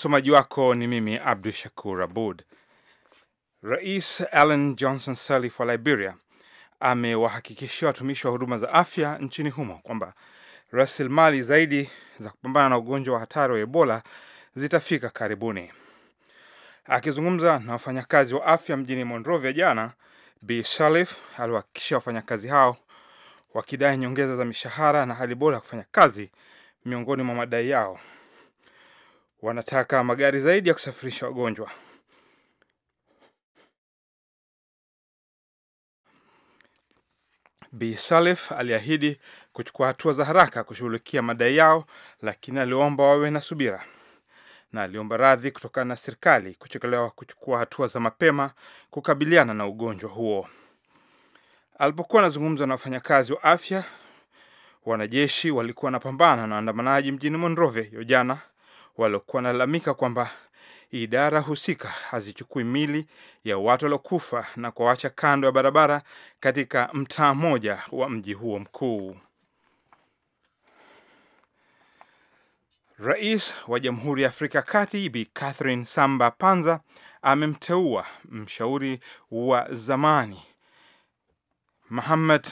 Msomaji wako ni mimi Abdu Shakur Abud. Rais Ellen Johnson Sirleaf wa Liberia amewahakikishia watumishi wa huduma za afya nchini humo kwamba rasilimali zaidi za kupambana na ugonjwa wa hatari wa Ebola zitafika karibuni. Akizungumza na wafanyakazi wa afya mjini Monrovia jana, Bi Sirleaf aliwahakikishia wafanyakazi hao wakidai nyongeza za mishahara na hali bora ya kufanya kazi miongoni mwa madai yao wanataka magari zaidi ya kusafirisha wagonjwa. Bi Salif aliahidi kuchukua hatua za haraka kushughulikia madai yao, lakini aliomba wawe na subira na aliomba radhi kutokana na serikali kuchekelewa kuchukua hatua za mapema kukabiliana na ugonjwa huo. Alipokuwa anazungumza na wafanyakazi wa afya, wanajeshi walikuwa wanapambana na waandamanaji mjini Monrovia hiyo jana waliokuwa wanalalamika kwamba idara husika hazichukui mili ya watu waliokufa na kuwawacha kando ya barabara katika mtaa mmoja wa mji huo mkuu. Rais wa Jamhuri ya Afrika ya Kati Bi Catherine Samba Panza amemteua mshauri wa zamani mahamad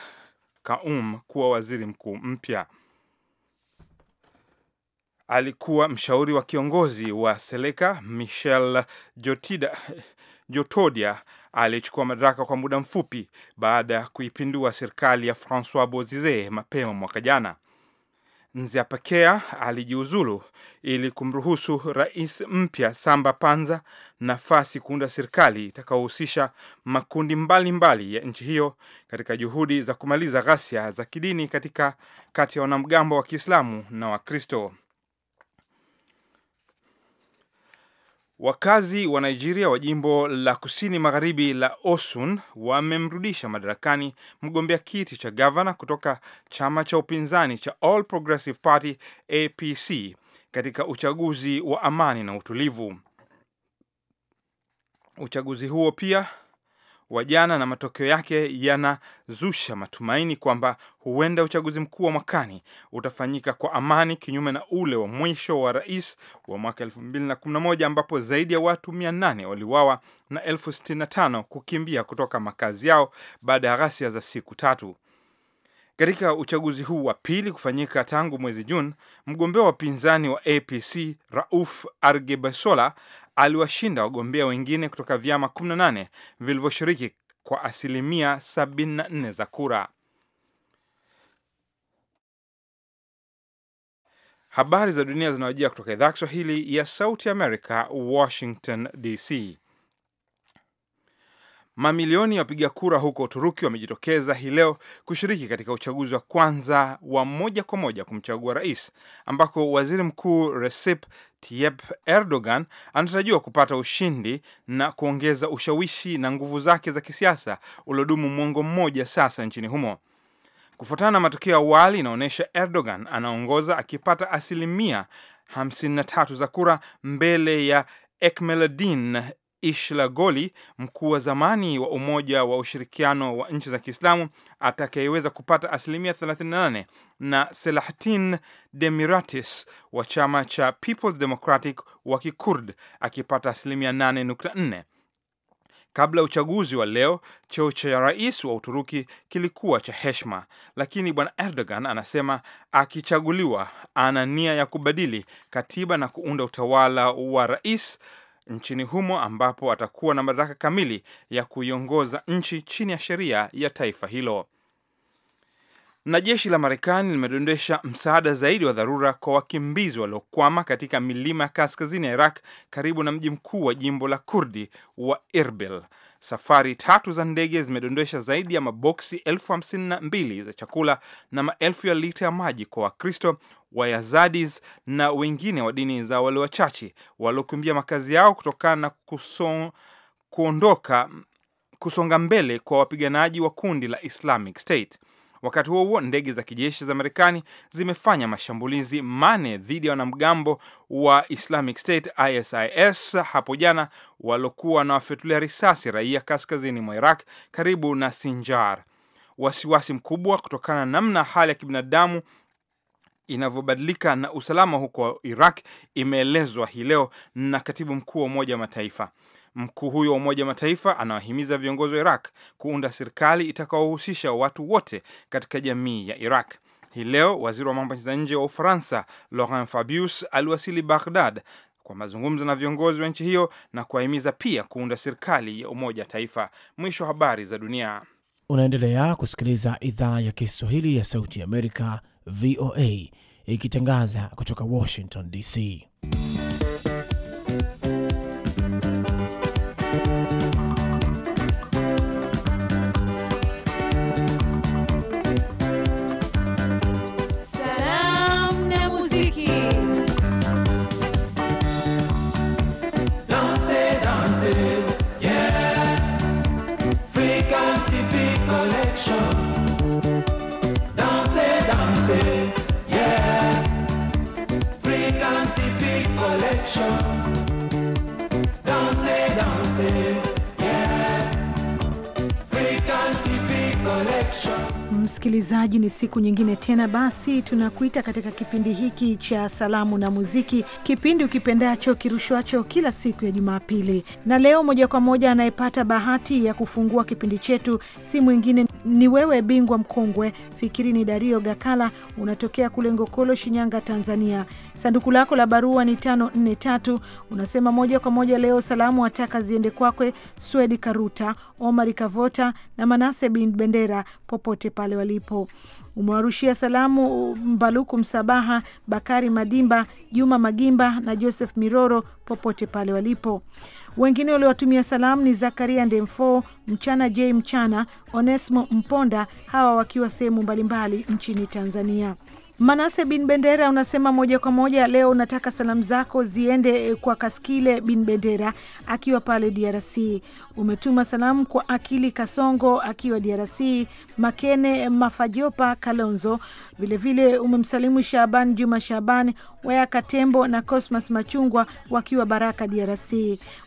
Kaum kuwa waziri mkuu mpya alikuwa mshauri wa kiongozi wa Seleka Michel Jotida, Jotodia aliyechukua madaraka kwa muda mfupi baada ya kuipindua serikali ya Francois Bozize mapema mwaka jana. Nziapakea alijiuzulu ili kumruhusu rais mpya Samba Panza nafasi kuunda serikali itakayohusisha makundi mbalimbali mbali ya nchi hiyo katika juhudi za kumaliza ghasia za kidini katika kati ya wanamgambo wa Kiislamu na Wakristo. Wakazi wa Nigeria wa jimbo la kusini magharibi la Osun wamemrudisha madarakani mgombea kiti cha gavana kutoka chama cha upinzani cha All Progressive Party APC katika uchaguzi wa amani na utulivu. Uchaguzi huo pia wa jana na matokeo yake yanazusha matumaini kwamba huenda uchaguzi mkuu wa mwakani utafanyika kwa amani, kinyume na ule wa mwisho wa rais wa mwaka 2011 ambapo zaidi ya watu 800 waliuawa na elfu 65 kukimbia kutoka makazi yao baada ya ghasia za siku tatu. Katika uchaguzi huu wa pili kufanyika tangu mwezi Juni, mgombea wa upinzani wa APC Rauf Argebesola aliwashinda wagombea wengine kutoka vyama 18 vilivyoshiriki kwa asilimia 74 za kura. Habari za dunia zinawajia kutoka idhaa Kiswahili ya Sauti Amerika, Washington DC. Mamilioni ya wapiga kura huko Uturuki wamejitokeza hii leo kushiriki katika uchaguzi wa kwanza wa moja kwa moja kumchagua rais, ambako waziri mkuu Recep Tayyip Erdogan anatarajiwa kupata ushindi na kuongeza ushawishi na nguvu zake za kisiasa uliodumu mwongo mmoja sasa nchini humo. Kufuatana na matokeo ya awali, inaonyesha Erdogan anaongoza akipata asilimia 53 za kura mbele ya Ekmeledin Ishlagoli, mkuu wa zamani wa Umoja wa Ushirikiano wa Nchi za Kiislamu atakayeweza kupata asilimia 38 na selahtin Demiratis wa chama cha Peoples Democratic wa Kikurd akipata asilimia 8.4. Kabla ya uchaguzi wa leo, cheo cha rais wa Uturuki kilikuwa cha heshima, lakini bwana Erdogan anasema akichaguliwa, ana nia ya kubadili katiba na kuunda utawala wa rais nchini humo ambapo atakuwa na madaraka kamili ya kuiongoza nchi chini ya sheria ya taifa hilo. Na jeshi la Marekani limedondesha msaada zaidi wa dharura kwa wakimbizi waliokwama katika milima ya kaskazini ya Iraq karibu na mji mkuu wa jimbo la Kurdi wa Erbil. Safari tatu za ndege zimedondosha zaidi ya maboksi elfu hamsini na mbili za chakula na maelfu ya lita ya maji kwa Wakristo wa na wengine wa dini za wale wachache waliokimbia makazi yao kutokana na kuson, kuondoka kusonga mbele kwa wapiganaji wa kundi la Islamic State. Wakati huo huo, ndege za kijeshi za Marekani zimefanya mashambulizi mane dhidi ya wanamgambo wa Islamic State ISIS hapo jana waliokuwa wanawafyatulia risasi raia kaskazini mwa Iraq karibu na Sinjar. Wasiwasi mkubwa kutokana na namna hali ya kibinadamu inavyobadilika na usalama huko Iraq imeelezwa hii leo na katibu mkuu wa Umoja wa Mataifa. Mkuu huyo wa Umoja wa Mataifa anawahimiza viongozi wa Iraq kuunda serikali itakaohusisha watu wote katika jamii ya Iraq. Hii leo waziri wa mambo ya nje wa Ufaransa Laurent Fabius aliwasili Baghdad kwa mazungumzo na viongozi wa nchi hiyo na kuwahimiza pia kuunda serikali ya umoja wa taifa. Mwisho wa habari za dunia. Unaendelea kusikiliza idhaa ya Kiswahili ya Sauti ya Amerika, VOA, ikitangaza kutoka Washington DC. msikilizaji, ni siku nyingine tena basi tunakuita katika kipindi hiki cha salamu na muziki, kipindi ukipendacho kirushwacho kila siku ya Jumapili. Na leo moja kwa moja anayepata bahati ya kufungua kipindi chetu si mwingine, ni wewe bingwa mkongwe, fikiri ni Dario Gakala, unatokea kule Ngokolo, Shinyanga, Tanzania. Sanduku lako la barua ni tatu. Unasema moja kwa moja leo salamu ataka ziende kwakwe Swedi Karuta, Omari Kavota na Manase Bendera popote pale wali alipo. Umewarushia salamu Mbaluku Msabaha, Bakari Madimba, Juma Magimba na Joseph Miroro popote pale walipo. Wengine waliowatumia salamu ni Zakaria Ndemfo, Mchana J, Mchana Onesmo Mponda, hawa wakiwa sehemu mbalimbali nchini Tanzania. Manase bin Bendera, unasema moja kwa moja leo unataka salamu zako ziende eh, kwa Kaskile bin Bendera akiwa pale DRC. Umetuma salamu kwa Akili Kasongo akiwa DRC, Makene Mafajopa Kalonzo, vilevile umemsalimu Shaban Juma Shaban Waya Katembo na Cosmas Machungwa wakiwa Baraka DRC,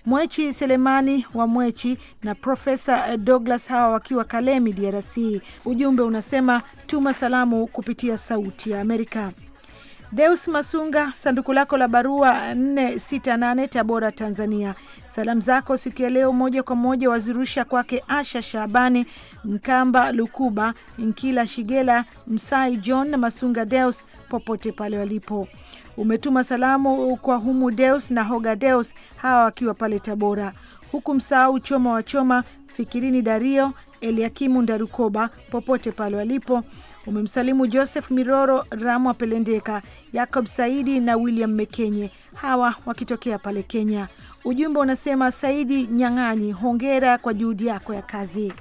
Mwechi Selemani wa Mwechi na Profesa eh, Douglas hawa wakiwa Kalemi DRC. Ujumbe unasema tuma salamu kupitia sauti ya Amerika. Deus Masunga, sanduku lako la barua 468 Tabora, Tanzania. Salamu zako siku ya leo moja kwa moja wazirusha kwake Asha Shabani Mkamba, Lukuba Nkila, Shigela Msai, John na Masunga Deus popote pale walipo. Umetuma salamu kwa Humu Deus na Hoga Deus, hawa wakiwa pale Tabora, huku msahau Choma wa Choma, Fikirini Dario, Eliakimu Ndarukoba popote pale walipo umemsalimu Joseph Miroro, Ramwa Pelendeka, yacob Saidi na William Mekenye, hawa wakitokea pale Kenya. Ujumbe unasema Saidi Nyang'anyi, hongera kwa juhudi yako ya kazi.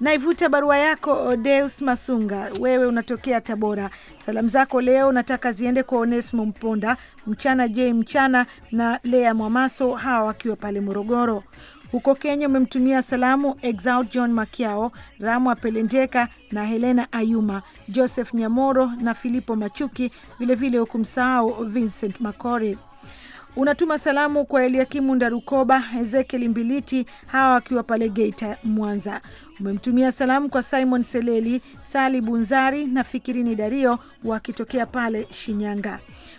Naivuta barua yako Odeus Masunga, wewe unatokea Tabora. Salamu zako leo nataka ziende kwa onesimo Mponda, Mchana J Mchana na Lea Mwamaso, hawa wakiwa pale Morogoro. Huko Kenya umemtumia salamu Exaud John Makiao, Ramwa Pelendeka na Helena Ayuma, Joseph Nyamoro na Filipo Machuki, vilevile hukumsahau Vincent Makori. Unatuma salamu kwa Eliakimu Ndarukoba, Ezekiel Mbiliti, hawa wakiwa pale Geita, Mwanza. Umemtumia salamu kwa Simon Seleli, Sali Bunzari na Fikirini Dario wakitokea pale Shinyanga.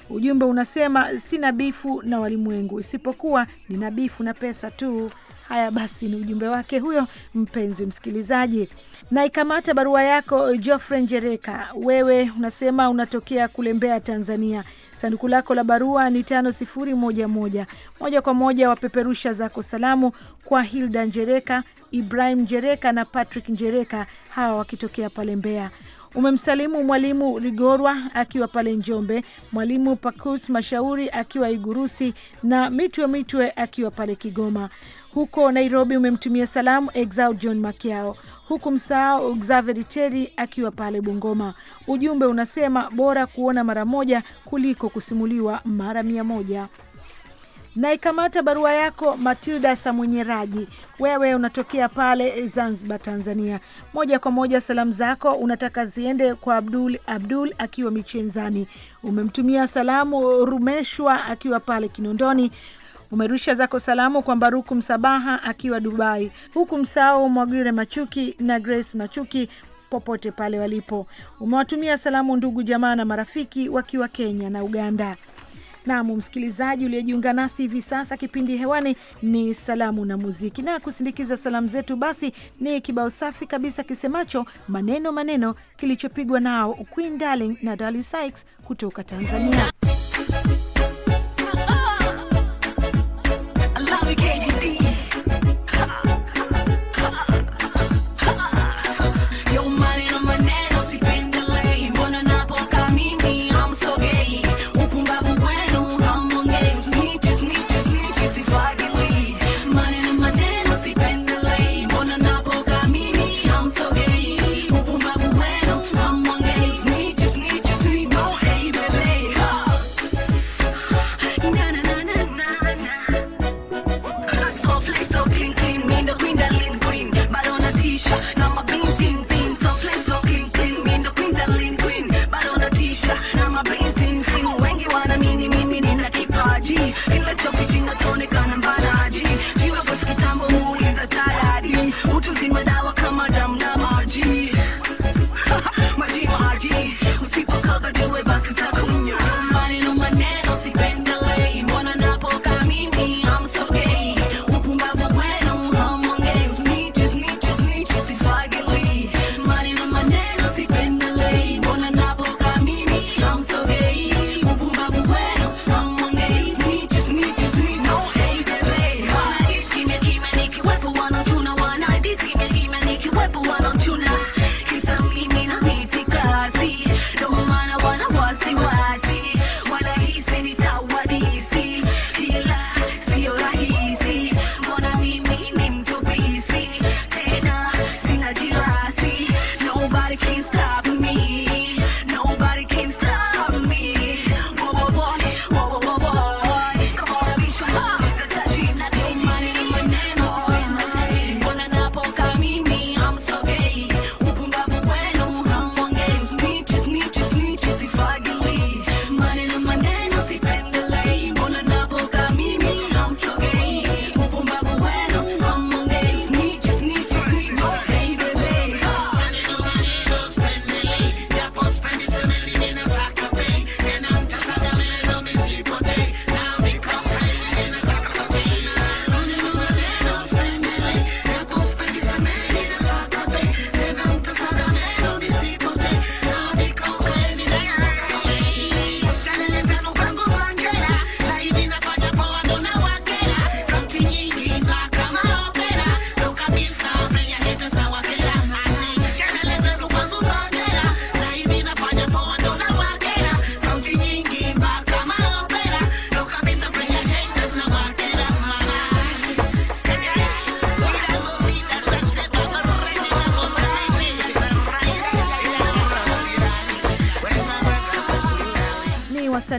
Ujumbe unasema sina bifu na walimwengu, isipokuwa nina bifu na pesa tu. Haya basi, ni ujumbe wake huyo mpenzi msikilizaji. Na ikamata barua yako Geoffrey Njereka, wewe unasema unatokea kule Mbeya, Tanzania. Sanduku lako la barua ni tano sifuri moja moja moja kwa moja. Wapeperusha zako salamu kwa Hilda Njereka, Ibrahim Njereka na Patrick Njereka, hawa wakitokea pale Mbeya. Umemsalimu Mwalimu Rigorwa akiwa pale Njombe, Mwalimu Pakus Mashauri akiwa Igurusi na Mitwe Mitwe akiwa pale Kigoma huko Nairobi umemtumia salamu Exau John Makiao, huku msahau Xavier Cheri akiwa pale Bungoma. Ujumbe unasema bora kuona mara moja kuliko kusimuliwa mara mia moja. Naikamata barua yako Matilda Samwenyeraji, wewe unatokea pale Zanzibar, Tanzania. Moja kwa moja salamu zako unataka ziende kwa Abdul Abdul akiwa Michenzani. Umemtumia salamu Rumeshwa akiwa pale Kinondoni umerusha zako salamu kwa Baruku Msabaha akiwa Dubai, huku msao Mwagire Machuki na Grace Machuki popote pale walipo. Umewatumia salamu ndugu jamaa na marafiki wakiwa Kenya na Uganda. Nam msikilizaji uliyejiunga nasi hivi sasa, kipindi hewani ni salamu na muziki, na kusindikiza salamu zetu basi ni kibao safi kabisa kisemacho maneno maneno, kilichopigwa nao Queen Darling na Dali Sykes kutoka Tanzania. these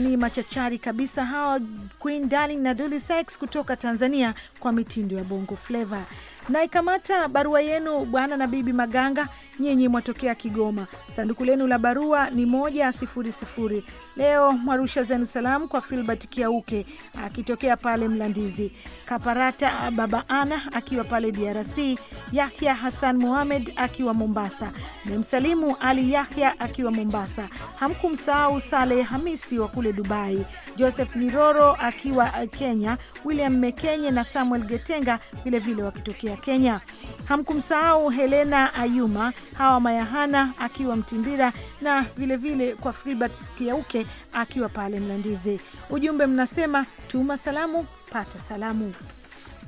wasanii machachari kabisa hawa Queen Darling na Dully Sykes kutoka Tanzania kwa mitindo ya bongo flava. Naikamata barua yenu bwana na bibi Maganga nyinyi mwatokea Kigoma. Sanduku lenu la barua ni moja sifuri sifuri. Leo mwarusha zenu salamu kwa Filbert Kiauke akitokea pale Mlandizi, Kaparata Baba Ana akiwa pale DRC, Yahya Hassan Muhamed akiwa Mombasa, memsalimu Ali Yahya akiwa Mombasa. Hamkumsahau Saleh Hamisi wa kule Dubai, Joseph Miroro akiwa eh, Kenya, William Mekenye na Samuel Getenga vilevile wakitokea Kenya. Hamkumsahau Helena Ayuma Hawa Mayahana akiwa Mtimbira na vilevile vile kwa Fribert Kiauke akiwa pale Mlandizi. Ujumbe mnasema tuma salamu, pata salamu.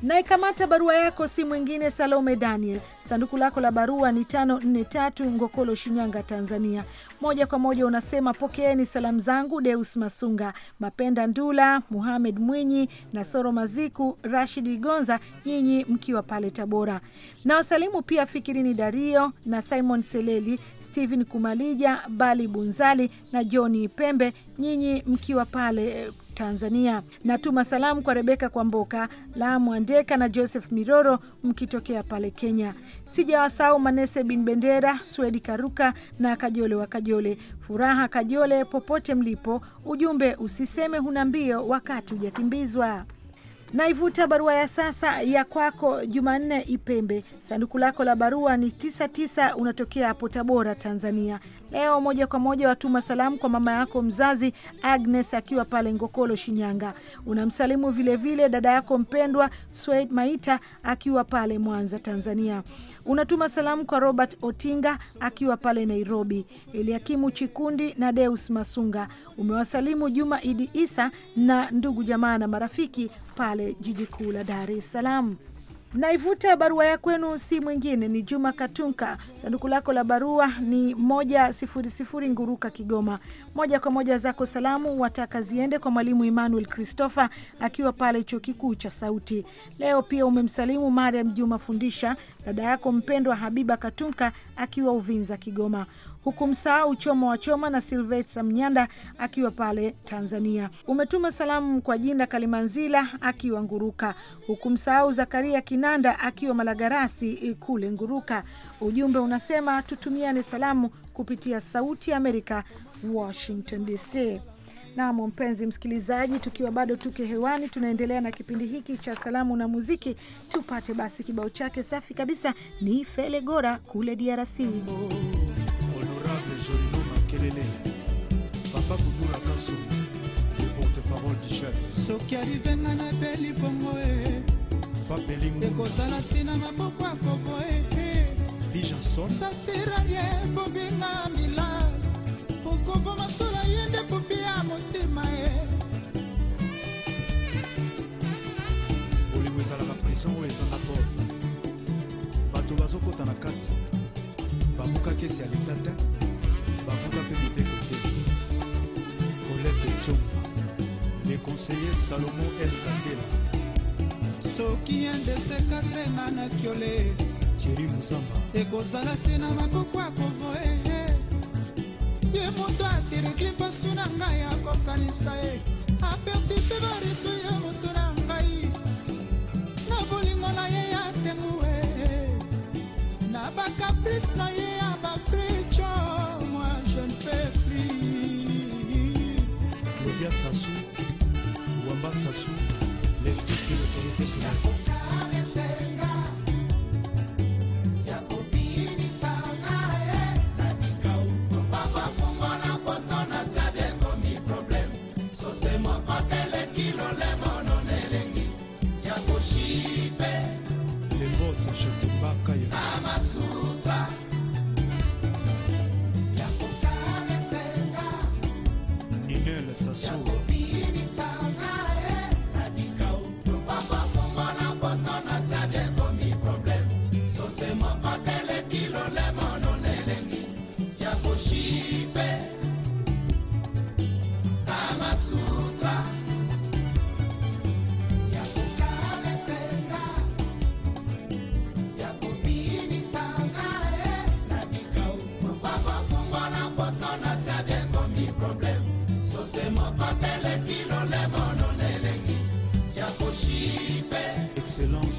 Naikamata barua yako si mwingine Salome Daniel. Sanduku lako la barua ni tatu Ngokolo, Shinyanga, Tanzania. Moja kwa moja unasema pokeeni salamu zangu Deus Masunga, Mapenda Ndula, Muhamed Mwinyi na Soro Maziku, Rashid Gonza, nyinyi mkiwa pale Tabora. Na wasalimu pia Fikirini Dario na Simon Seleli, Stephen Kumalija, Bali Bunzali na Johni Pembe, nyinyi mkiwa pale eh, Tanzania. Natuma salamu kwa Rebeka Kwamboka la Mwandeka na Joseph Miroro mkitokea pale Kenya. Sijawasahau Manese bin Bendera, Swedi Karuka na Kajole wa Kajole, Furaha Kajole popote mlipo. Ujumbe usiseme huna mbio wakati hujakimbizwa. Naivuta barua ya sasa ya kwako Jumanne Ipembe, sanduku lako la barua ni 99 unatokea hapo Tabora, Tanzania. Leo moja kwa moja watuma salamu kwa mama yako mzazi Agnes akiwa pale Ngokolo, Shinyanga. Unamsalimu vilevile vile dada yako mpendwa Swed Maita akiwa pale Mwanza, Tanzania. Unatuma salamu kwa Robert Otinga akiwa pale Nairobi, Eliakimu Chikundi na Deus Masunga. Umewasalimu Juma Idi Isa na ndugu jamaa na marafiki pale jiji kuu la Dar es Salaam. Naivuta barua ya kwenu, si mwingine ni Juma Katunka. Sanduku lako la barua ni moja sifuri sifuri Nguruka, Kigoma. Moja kwa moja zako salamu wataka ziende kwa Mwalimu Emmanuel Christopher akiwa pale chuo kikuu cha Sauti. Leo pia umemsalimu Mariam Juma Fundisha, dada yako mpendwa Habiba Katunka akiwa Uvinza, Kigoma huku msahau Choma wa Choma na Silveta Mnyanda akiwa pale Tanzania. Umetuma salamu kwa jina Kalimanzila akiwa Nguruka, huku msahau Zakaria Kinanda akiwa Malagarasi eh, kule Nguruka. Ujumbe unasema tutumiane salamu kupitia Sauti ya Amerika, Washington DC. Nam mpenzi msikilizaji, tukiwa bado tuke hewani, tunaendelea na kipindi hiki cha salamu na muziki. Tupate basi kibao chake safi kabisa, ni Fele Gora kule DRC. soki alivenga na eh. beli ekozala sina maboko akovoe eh. bijanson sasira ye bobinga milas pokoko masola ye nde popi ya motema ye bolingo ezalaka prison oyo eza na porte bato bazokɔta na kati babuka kesi ya leta te babuka mpe mibeko te kolete congo leconseiller salomo eskandela soki endese katrema na kiole jeri muzamba ekozala se na maboko ya kovoe ye moto adiriki mposu na ngai akokanisa ye aperti mpe bariso ya moto na ngai na bolingo na ye ya tengu e na bacaprise na ye ya bafrico moi je ne peux plus lobia sasu wamba sasu les fils de l'autorité sur la sache tobaka ye ninele sasu sose moko teleki lolemo nolelengi ya koshipe kamasuta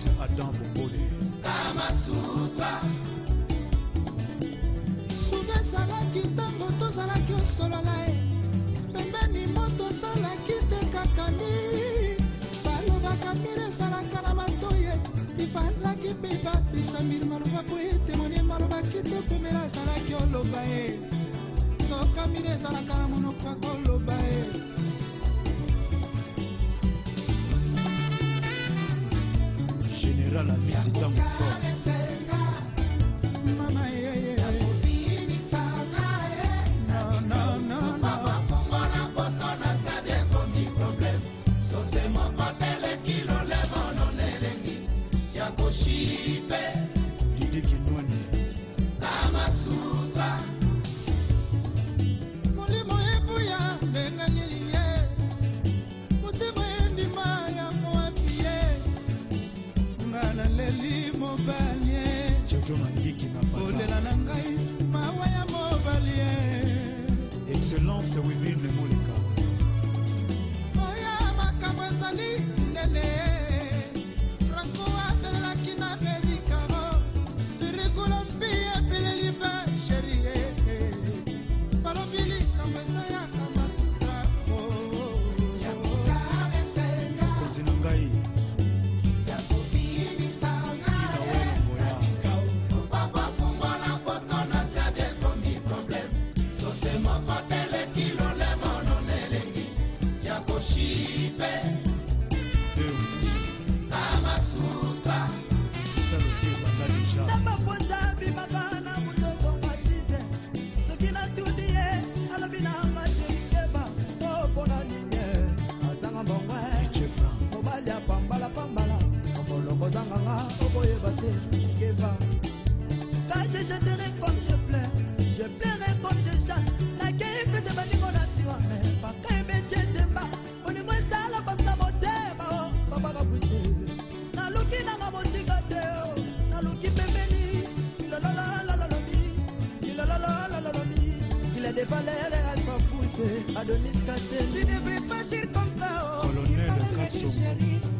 patrice adam bobole kamasutra suka ezalaki ntango tozalaki osolola e pembeni moto ezalaki te kaka mi balobaka mire ezalaka na matoi e ifalaki mpe bapisa mbili maloba po etemoni malobaki te komela ezalaki oloba e soka mire ezalaka na monoko ya koloba e la vie, c'est un fort. excellence les Monica pasi ebanda deja na bakonza abimaka na mototo asize soki natundi ye alobi nanga jerikeba to oh, mpona nini azanga mbongwe mobali apambalapambala okoloko ozanganga okoyeba te keba kajejetere les Valère et Alma Poussé, Adonis Katel. Tu devrais pas gire comme ça, oh. Colonel Kassou.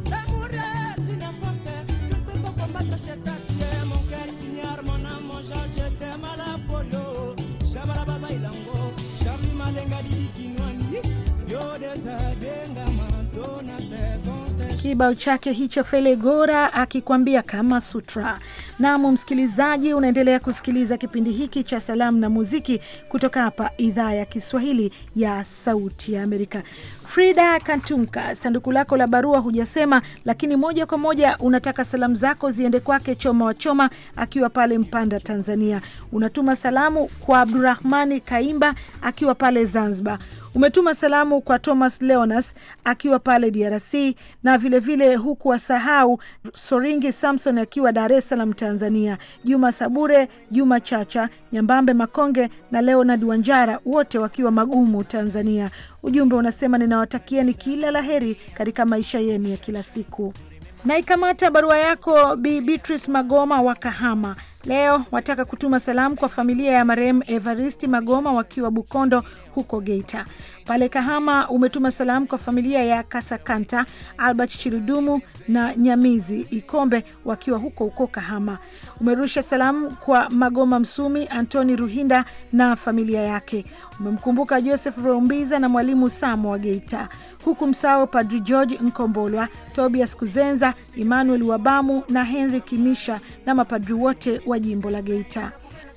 L'amour, tu n'as pas peur. ne peux pas combattre chez ta tienne. Mon cœur ignore, mon âme, mon genre, je t'aime à la polo. Shabara Baba Ilango, Shabi Malenga Didikinwani. Yo desadenga matona saison. Kibao chake hicho Felegora akikwambia kama sutra. Nam msikilizaji, unaendelea kusikiliza kipindi hiki cha salamu na muziki kutoka hapa idhaa ya Kiswahili ya Sauti ya Amerika. Frida Kantumka, sanduku lako la barua hujasema, lakini moja kwa moja unataka salamu zako ziende kwake Choma wa Choma akiwa pale Mpanda, Tanzania. Unatuma salamu kwa Abdurahmani Kaimba akiwa pale Zanzibar Umetuma salamu kwa Thomas Leonas akiwa pale DRC na vilevile vile huku wasahau Soringi Samson akiwa Dar es Salaam Tanzania, Juma Sabure, Juma Chacha, Nyambambe Makonge na Leonard Wanjara wote wakiwa Magumu Tanzania. Ujumbe unasema ninawatakieni kila laheri katika maisha yenu ya kila siku. Naikamata barua yako Bi Beatrice Magoma wa Kahama Leo wataka kutuma salamu kwa familia ya marehemu Evaristi Magoma wakiwa Bukondo huko Geita. Pale Kahama umetuma salamu kwa familia ya Kasakanta, Albert Chirudumu na Nyamizi Ikombe wakiwa huko huko Kahama. Umerusha salamu kwa Magoma Msumi, Antoni Ruhinda na familia yake. Umemkumbuka Joseph Rombiza na mwalimu Samo wa Geita, huku msao Padri George Nkombolwa, Tobias Kuzenza, Emmanuel Wabamu na Henry Kimisha na mapadri wote wa wa jimbo la Geita.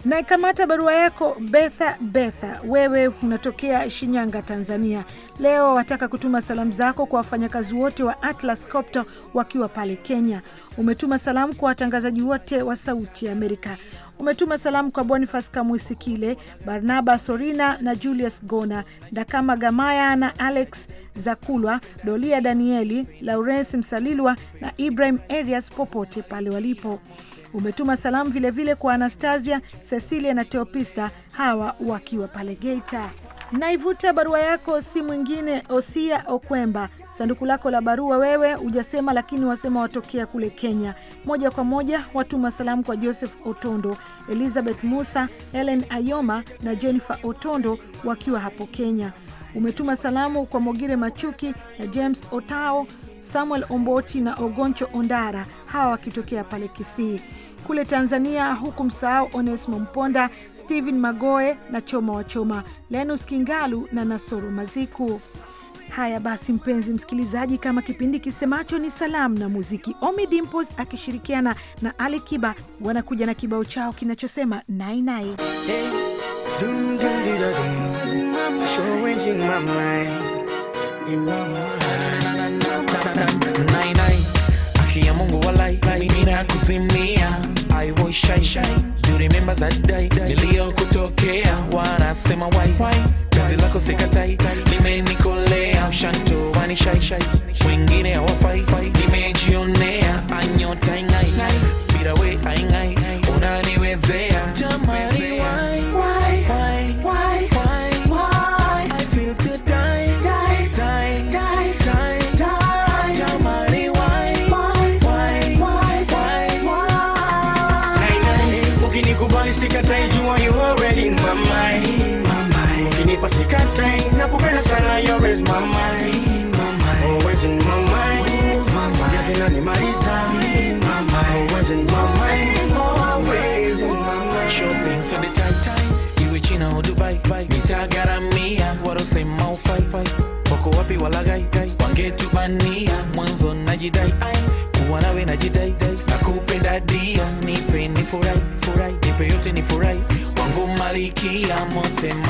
Naikamata barua yako Betha. Betha, wewe unatokea Shinyanga, Tanzania. Leo wataka kutuma salamu zako kwa wafanyakazi wote wa Atlas Copter wakiwa pale Kenya. Umetuma salamu kwa watangazaji wote wa Sauti ya Amerika. Umetuma salamu kwa bonifas Kamwisikile, Barnaba Sorina na Julius Gona, Dakama Gamaya na Alex Zakulwa, Dolia Danieli, Lawrence Msalilwa na Ibrahim Arias popote pale walipo umetuma salamu vilevile vile kwa Anastasia, Cecilia na Teopista, hawa wakiwa pale Geita. Naivuta barua yako si mwingine Osia Okwemba. Sanduku lako la barua wewe hujasema, lakini wasema watokea kule Kenya. Moja kwa moja watuma salamu kwa Joseph Otondo, Elizabeth Musa, Helen Ayoma na Jennifer Otondo wakiwa hapo Kenya. Umetuma salamu kwa Mogire Machuki na James Otao, Samuel Omboti na Ogoncho Ondara, hawa wakitokea pale Kisii kule Tanzania, huku msahau onesimo Mponda, stehen Magoe na Choma wa Choma, Lenus Kingalu na Nasoro Maziku. Haya basi, mpenzi msikilizaji, kama kipindi kisemacho ni salamu na muziki, Omi Dimples akishirikiana na Ali Kiba wanakuja na kibao chao kinachosema nainai hey. I was shy, shy. Do remember that day niliyokutokea? Wanasema why, why? Kazi lako sikatai, limenikolea mshanto wani shy, shy. Wengine hawafai vamos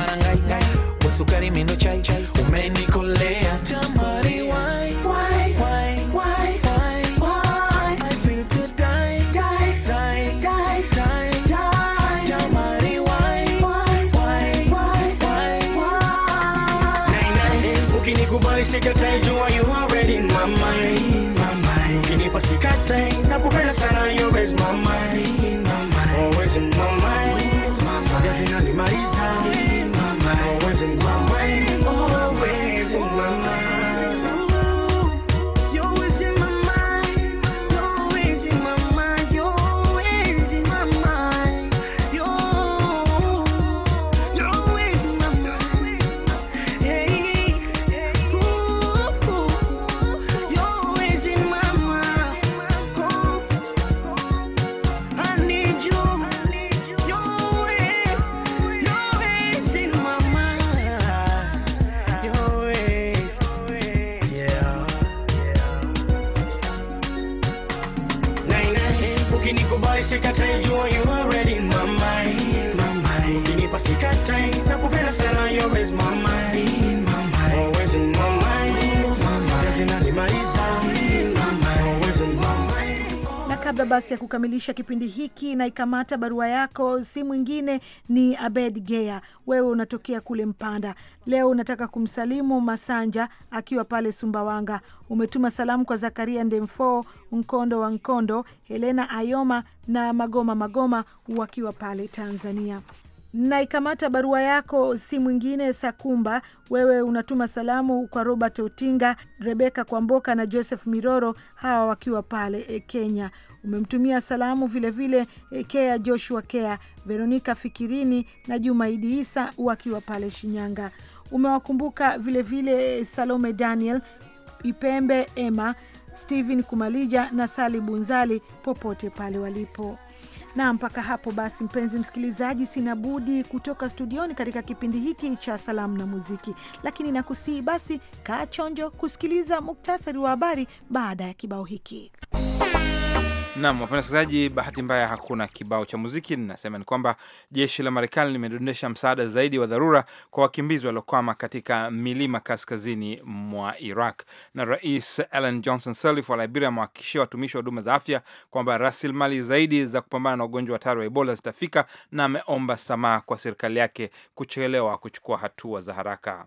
kabla basi ya kukamilisha kipindi hiki na ikamata barua yako, si mwingine ni Abed Gea. Wewe unatokea kule Mpanda, leo unataka kumsalimu Masanja akiwa pale Sumbawanga. Umetuma salamu kwa Zakaria Ndemfo, Nkondo wa Nkondo, Helena Ayoma na Magoma Magoma wakiwa pale Tanzania na ikamata barua yako si mwingine Sakumba. Wewe unatuma salamu kwa Robert Otinga, Rebeka Kwamboka na Joseph Miroro, hawa wakiwa pale eh, Kenya. Umemtumia salamu vilevile vile, eh, Kea Joshua Kea, Veronika Fikirini na Jumaidi Isa wakiwa pale Shinyanga. Umewakumbuka vilevile eh, Salome Daniel, Ipembe Emma, stehen Kumalija na Sali Bunzali popote pale walipo na mpaka hapo basi, mpenzi msikilizaji, sina budi kutoka studioni katika kipindi hiki cha salamu na muziki, lakini nakusihi basi kaa chonjo kusikiliza muktasari wa habari baada ya kibao hiki. Nam wapenda wasikilizaji, bahati mbaya hakuna kibao cha muziki. Ninasema ni kwamba jeshi la Marekani limedondesha msaada zaidi wa dharura kwa wakimbizi waliokwama katika milima kaskazini mwa Iraq, na Rais Ellen Johnson Sirleaf wa Liberia amewahakikishia watumishi wa huduma za afya kwamba rasilimali zaidi za kupambana na ugonjwa wa hatari wa Ebola zitafika, na ameomba samaha kwa serikali yake kuchelewa kuchukua hatua za haraka.